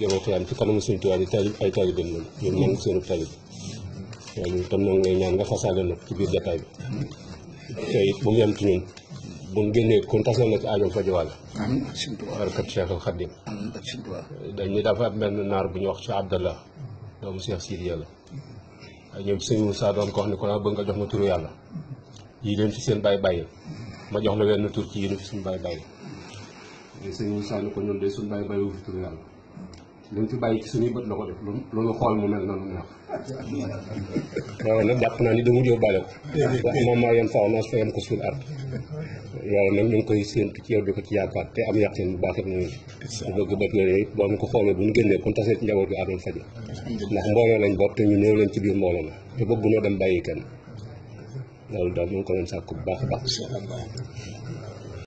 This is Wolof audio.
jàngal Alxuraan fi kanam suñu tubaab yi taalib ay taalibam lañu ñoom seenu taalib waaye ñun tam noo ngi lay ci biir jataay bi tey bu mu yem ci ñun bu mu génnee kon tas na ci aajoom fajuwaale barkat Cheikhul naar bu ñu wax ci Abdallah doomu Cheikh Sidi yàlla waaye ñoom sëñ Moussa doon ko wax ko naa nga jox ma turu yàlla yi leen fi seen bàyyi bàyyi ma jox la wenn tur ci yi leen fi suñu bàyyi bàyyi lu ñu fi bàyyi ci suñuy bët la ko def lu ñu xool naa ni damu yóbbaale ko wax moom maa yoon sax naas fa yoon ko suul art yàlla nag ñu ngi koy séentu ci yow di ko ci yaakaar te am yàqin bu baax it ñu ñu bëgg bët boo ko xoolee bu ñu génnee kon tasee ci njaboot bi aadoon faj ndax mbooloo lañ bopp te ñu néew lañ ci biir mbooloo la te bëgg noo dem bàyyi kenn loolu daal ñu ngi ko doon sàkk bu baax a baax